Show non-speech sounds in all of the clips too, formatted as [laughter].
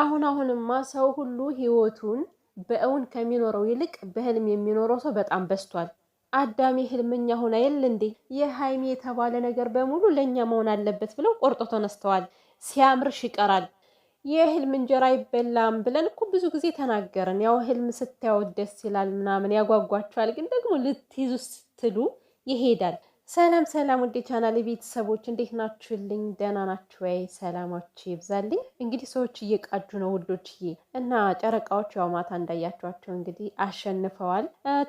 አሁን አሁንማ ሰው ሁሉ ህይወቱን በእውን ከሚኖረው ይልቅ በህልም የሚኖረው ሰው በጣም በዝቷል። አዳሚ ህልምኛ ሆና አይል እንዴ? የሀይሚ የተባለ ነገር በሙሉ ለእኛ መሆን አለበት ብለው ቆርጦ ተነስተዋል። ሲያምርሽ ይቀራል። የህልም እንጀራ አይበላም ብለን እኮ ብዙ ጊዜ ተናገርን። ያው ህልም ስታዩት ደስ ይላል ምናምን ያጓጓቸዋል፣ ግን ደግሞ ልትይዙ ስትሉ ይሄዳል። ሰላም ሰላም፣ ውድ ቻናል ቤተሰቦች እንዴት ናችሁልኝ? ደህና ናችሁ ወይ? ሰላማችሁ ይብዛልኝ። እንግዲህ ሰዎች እየቃጁ ነው ውዶችዬ፣ እና ጨረቃዎች ያው ማታ እንዳያችኋቸው እንግዲህ አሸንፈዋል።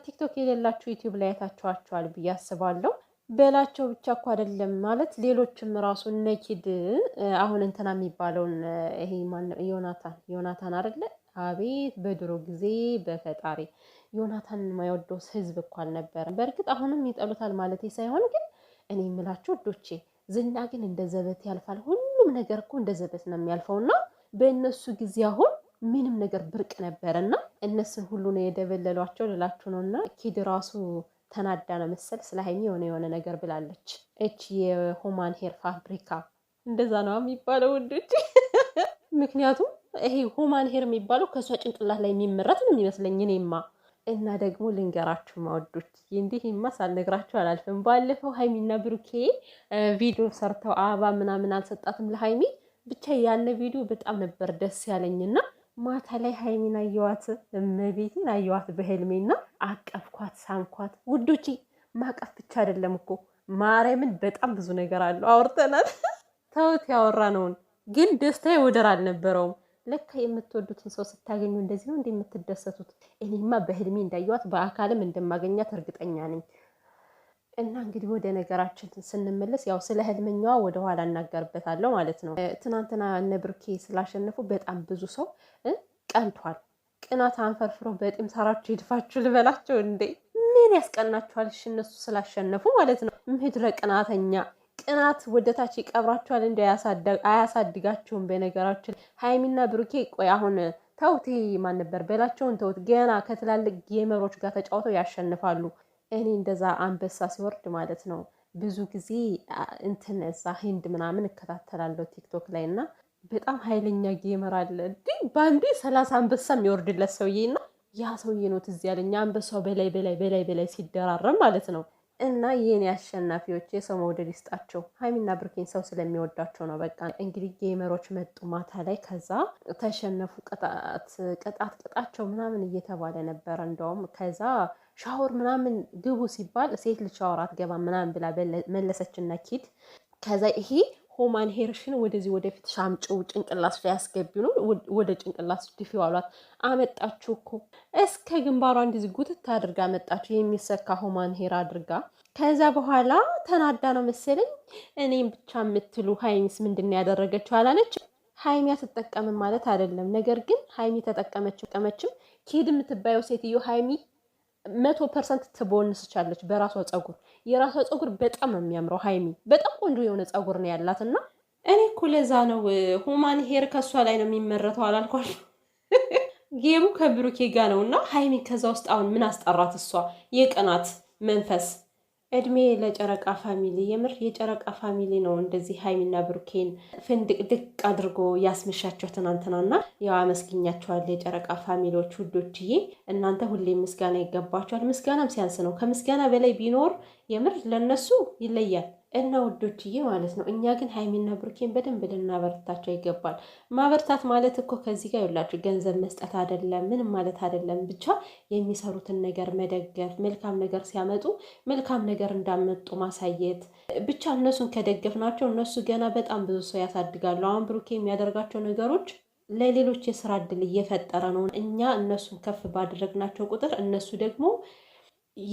ቲክቶክ የሌላችሁ ዩቲዩብ ላይ አይታችኋቸዋል ብዬ አስባለሁ። በላቸው ብቻ እኮ አይደለም ማለት ሌሎችም ራሱ ነኪድ አሁን እንትና የሚባለውን ይሄ ማነው ዮናታን ዮናታን አይደለ? አቤት በድሮ ጊዜ በፈጣሪ ዮናታንን የማይወደው ህዝብ እኮ አልነበረም። በእርግጥ አሁንም ይጠሉታል ማለት ሳይሆን ግን እኔ የምላችሁ ወዶቼ ዝና ግን እንደ ዘበት ያልፋል። ሁሉም ነገር እኮ እንደ ዘበት ነው የሚያልፈው እና በእነሱ ጊዜ አሁን ምንም ነገር ብርቅ ነበረ እና እነሱን ሁሉ ነው የደበለሏቸው ልላችሁ ነው። እና ኪድ ራሱ ተናዳ ነው መሰል ስለ ሀይሚ የሆነ የሆነ ነገር ብላለች። እች የሆማን ሄር ፋብሪካ እንደዛ ነው የሚባለው ውዶች። ምክንያቱም ይሄ ሆማን ሄር የሚባለው ከእሷ ጭንቅላት ላይ የሚመረት ነው የሚመስለኝ እኔማ እና ደግሞ ልንገራችሁ ማወዶች እንዲህ ይማስ አልነግራችሁ አላልፍም። ባለፈው ሀይሚና ብሩኬ ቪዲዮ ሰርተው አበባ ምናምን አልሰጣትም ለሀይሚ ብቻ ያለ ቪዲዮ በጣም ነበር ደስ ያለኝና ማታ ላይ ሀይሚን አየዋት፣ እመቤቴን አየዋት በህልሜና አቀፍኳት፣ ሳምኳት። ውዶች ማቀፍ ብቻ አይደለም እኮ ማርያምን፣ በጣም ብዙ ነገር አለው አውርተናል። [laughs] ተውት ያወራ ነውን፣ ግን ደስታዬ ወደር አልነበረውም። ለካ የምትወዱትን ሰው ስታገኙ እንደዚህ ነው እንደ የምትደሰቱት። እኔማ በህልሜ እንዳየዋት በአካልም እንደማገኛት እርግጠኛ ነኝ። እና እንግዲህ ወደ ነገራችን ስንመለስ ያው ስለ ህልመኛዋ ወደኋላ እናገርበታለሁ ማለት ነው። ትናንትና እነ ብርኬ ስላሸነፉ በጣም ብዙ ሰው ቀንቷል። ቅናት አንፈርፍሮ በጢም ሳራችሁ ይድፋችሁ ልበላቸው እንዴ? ምን ያስቀናችኋል? እሺ እነሱ ስላሸነፉ ማለት ነው። ምድረ ቅናተኛ ቅናት ወደታች ይቀብራችኋል እንዲ አያሳድጋችሁም። በነገራችን ሀይሚና ብሩኬ ቆይ አሁን ተውት፣ ማን ነበር በላቸውን ተውት። ገና ከትላልቅ ጌመሮች ጋር ተጫውተው ያሸንፋሉ። እኔ እንደዛ አንበሳ ሲወርድ ማለት ነው ብዙ ጊዜ እንትን እዛ ሂንድ ምናምን እከታተላለሁ ቲክቶክ ላይ እና በጣም ኃይለኛ ጌመር አለ በአንዴ ሰላሳ አንበሳ የሚወርድለት ሰውዬ እና ያ ሰውዬ ነው ትዝ ያለኝ አንበሳው በላይ በላይ በላይ በላይ ሲደራረም ማለት ነው። እና የኔ አሸናፊዎች የሰው መውደድ ይስጣቸው። ሀይሚና ብርኬን ሰው ስለሚወዳቸው ነው። በቃ እንግዲህ ጌመሮች መጡ ማታ ላይ። ከዛ ተሸነፉ፣ ቅጣት ቅጣት ቅጣቸው ምናምን እየተባለ ነበረ። እንደውም ከዛ ሻወር ምናምን ግቡ ሲባል ሴት ልጅ ሻወር አትገባም ምናምን ብላ መለሰችና ኪድ ከዛ ይሄ ሆማን ሄርሽን ወደዚህ ወደፊት ሻምጭው ጭንቅላት ላይ ያስገቢ ነው። ወደ ጭንቅላት ድፊ ዋሏት። አመጣችሁ እኮ እስከ ግንባሯ እንዲህ ጉትት አድርጋ መጣችሁ፣ የሚሰካ ሆማን ሄር አድርጋ። ከዛ በኋላ ተናዳ ነው መሰለኝ እኔም ብቻ የምትሉ ሀይሚስ ምንድን ያደረገችው አላለች። ሀይሚ አትጠቀምም ማለት አይደለም፣ ነገር ግን ሀይሚ ተጠቀመችው። ጠመችም ኪድ የምትባየው ሴትዮ ሀይሚ መቶ ፐርሰንት ትቦንስቻለች በራሷ ፀጉር። የራሷ ፀጉር በጣም ነው የሚያምረው። ሀይሚ በጣም ቆንጆ የሆነ ፀጉር ነው ያላት እና እኔ እኮ ለዛ ነው ሁማን ሄር ከእሷ ላይ ነው የሚመረተው አላልኳል። [laughs] ጌሙ ከብሩኬ ጋ ነው እና ሀይሚ ከዛ ውስጥ አሁን ምን አስጠራት? እሷ የቅናት መንፈስ እድሜ ለጨረቃ ፋሚሊ። የምር የጨረቃ ፋሚሊ ነው እንደዚህ ሀይሚና ብሩኬን ድቅ አድርጎ ያስመሻቸው ትናንትናና፣ ያው አመስግኛቸዋል። የጨረቃ ፋሚሊዎች ውዶችዬ፣ እናንተ ሁሌም ምስጋና ይገባቸዋል። ምስጋናም ሲያንስ ነው። ከምስጋና በላይ ቢኖር የምር ለነሱ ይለያል። እና ውዶችዬ ማለት ነው። እኛ ግን ሀይሚና ብሩኬን በደንብ ልናበረታቸው ይገባል። ማበርታት ማለት እኮ ከዚህ ጋር ይላችሁ ገንዘብ መስጠት አይደለም፣ ምንም ማለት አይደለም። ብቻ የሚሰሩትን ነገር መደገፍ፣ መልካም ነገር ሲያመጡ መልካም ነገር እንዳመጡ ማሳየት ብቻ። እነሱን ከደገፍ ናቸው እነሱ ገና በጣም ብዙ ሰው ያሳድጋሉ። አሁን ብሩኬ የሚያደርጋቸው ነገሮች ለሌሎች የስራ እድል እየፈጠረ ነው። እኛ እነሱን ከፍ ባደረግናቸው ቁጥር እነሱ ደግሞ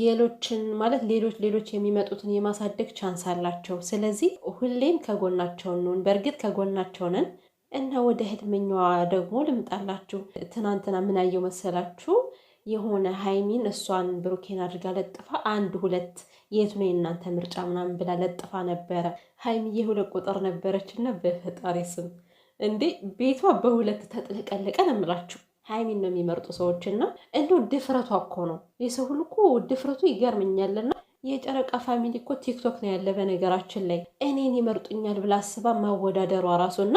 የሎችን ማለት ሌሎች ሌሎች የሚመጡትን የማሳደግ ቻንስ አላቸው። ስለዚህ ሁሌም ከጎናቸው ነን። በእርግጥ ከጎናቸው ነን እና ወደ ህልመኛዋ ደግሞ ልምጣላችሁ። ትናንትና ምናየው መሰላችሁ? የሆነ ሀይሚን እሷን ብሩኬን አድርጋ ለጥፋ አንድ ሁለት የት ነው የእናንተ ምርጫ ምናምን ብላ ለጥፋ ነበረ። ሀይሚ የሁለት ቁጥር ነበረች እና በፈጣሪ ስም እንዴ ቤቷ በሁለት ተጥለቀለቀ ነው የምላችሁ። ሀይሚን ነው የሚመርጡ ሰዎችና እንደው ድፍረቷ እኮ ነው የሰው ሁሉ እኮ ድፍረቱ ይገርምኛልና የጨረቃ ፋሚሊ እኮ ቲክቶክ ነው ያለ። በነገራችን ላይ እኔን ይመርጡኛል ብላ አስባ ማወዳደሯ ራሱና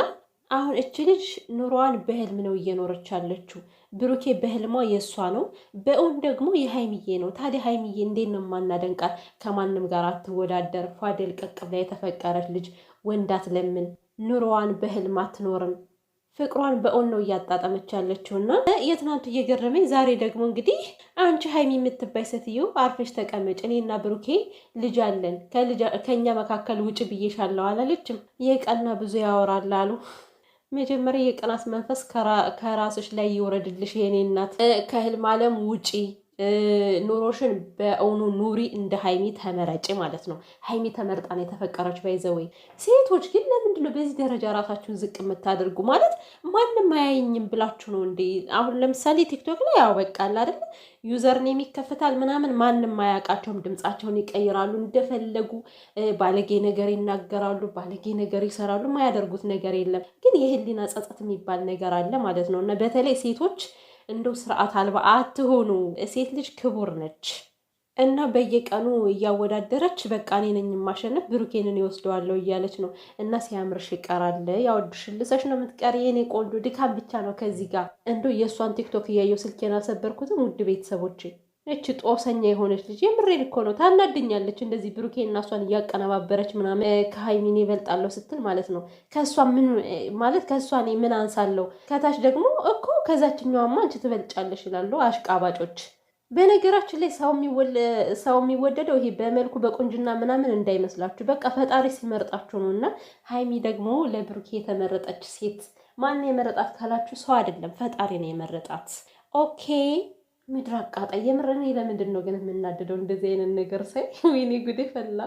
አሁን እች ልጅ ኑሮዋን በህልም ነው እየኖረች ያለችው። ብሩኬ በህልሟ የእሷ ነው፣ በእውን ደግሞ የሀይሚዬ ነው። ታዲያ ሀይሚዬ እንዴት ነው የማናደንቃት? ከማንም ጋር አትወዳደር። ፏደል ቀቅ ብላ የተፈቀረች ልጅ ወንዳት ለምን ኑሮዋን በህልም አትኖርም? ፍቅሯን በኦን ነው እያጣጠመች ያለችው እና የትናንቱ እየገረመኝ ዛሬ ደግሞ እንግዲህ አንቺ ሀይሚ የምትባይ ሴትዮ አርፈሽ ተቀመጭ፣ እኔና ብሩኬ ልጅ አለን፣ ከእኛ መካከል ውጭ ብዬሻለሁ አላለችም። የቀና ብዙ ያወራል አሉ። መጀመሪያ የቅናት መንፈስ ከራስሽ ላይ ይውረድልሽ የኔ እናት፣ ከህልም አለም ውጪ ኑሮሽን በእውኑ ኑሪ እንደ ሀይሚ ተመረጭ ማለት ነው። ሀይሚ ተመርጣን የተፈቀረች ባይዘወይ። ሴቶች ግን ለምንድነው በዚህ ደረጃ ራሳችሁን ዝቅ የምታደርጉ? ማለት ማንም አያይኝም ብላችሁ ነው እንዴ? አሁን ለምሳሌ ቲክቶክ ላይ ያወቃል አደለ ዩዘርን የሚከፍታል ምናምን፣ ማንም አያውቃቸውም። ድምጻቸውን ይቀይራሉ እንደፈለጉ፣ ባለጌ ነገር ይናገራሉ፣ ባለጌ ነገር ይሰራሉ። ማያደርጉት ነገር የለም። ግን የህሊና ጸጸት የሚባል ነገር አለ ማለት ነው እና በተለይ ሴቶች እንደው ስርዓት አልባ አትሆኑ። ሴት ልጅ ክቡር ነች እና በየቀኑ እያወዳደረች በቃ እኔ ነኝ የማሸንፍ ብሩኬንን ይወስደዋለሁ እያለች ነው። እና ሲያምርሽ ይቀራል ያወድሽ ልሰሽ ነው የምትቀሪ የኔ ቆንጆ። ድካም ብቻ ነው ከዚህ ጋር። እንደው የእሷን ቲክቶክ እያየው ስልኬን አልሰበርኩትም። ውድ ቤተሰቦቼ እች ጦሰኛ የሆነች ልጅ የምሬን እኮ ነው፣ ታናድኛለች። እንደዚህ ብሩኬ እና እሷን እያቀነባበረች ምናምን ከሀይሚን ይበልጣለሁ ስትል ማለት ነው። ከእሷ ምን ማለት ከእሷ እኔ ምን አንሳለሁ? ከታች ደግሞ እኮ ከዛችኛዋማ አንቺ ትበልጫለሽ ይላሉ አሽቃባጮች። በነገራችን ላይ ሰው የሚወደደው ይሄ በመልኩ በቁንጅና ምናምን እንዳይመስላችሁ፣ በቃ ፈጣሪ ሲመርጣችሁ ነው። እና ሀይሚ ደግሞ ለብሩኬ የተመረጠች ሴት ማን የመረጣት ካላችሁ፣ ሰው አይደለም ፈጣሪ ነው የመረጣት። ኦኬ ምድር አቃጣይ። የምር ለምንድን ነው ግን የምናደደው እንደዚህ አይነት ነገር ሳይ? ወይኔ ጉዴ ፈላ።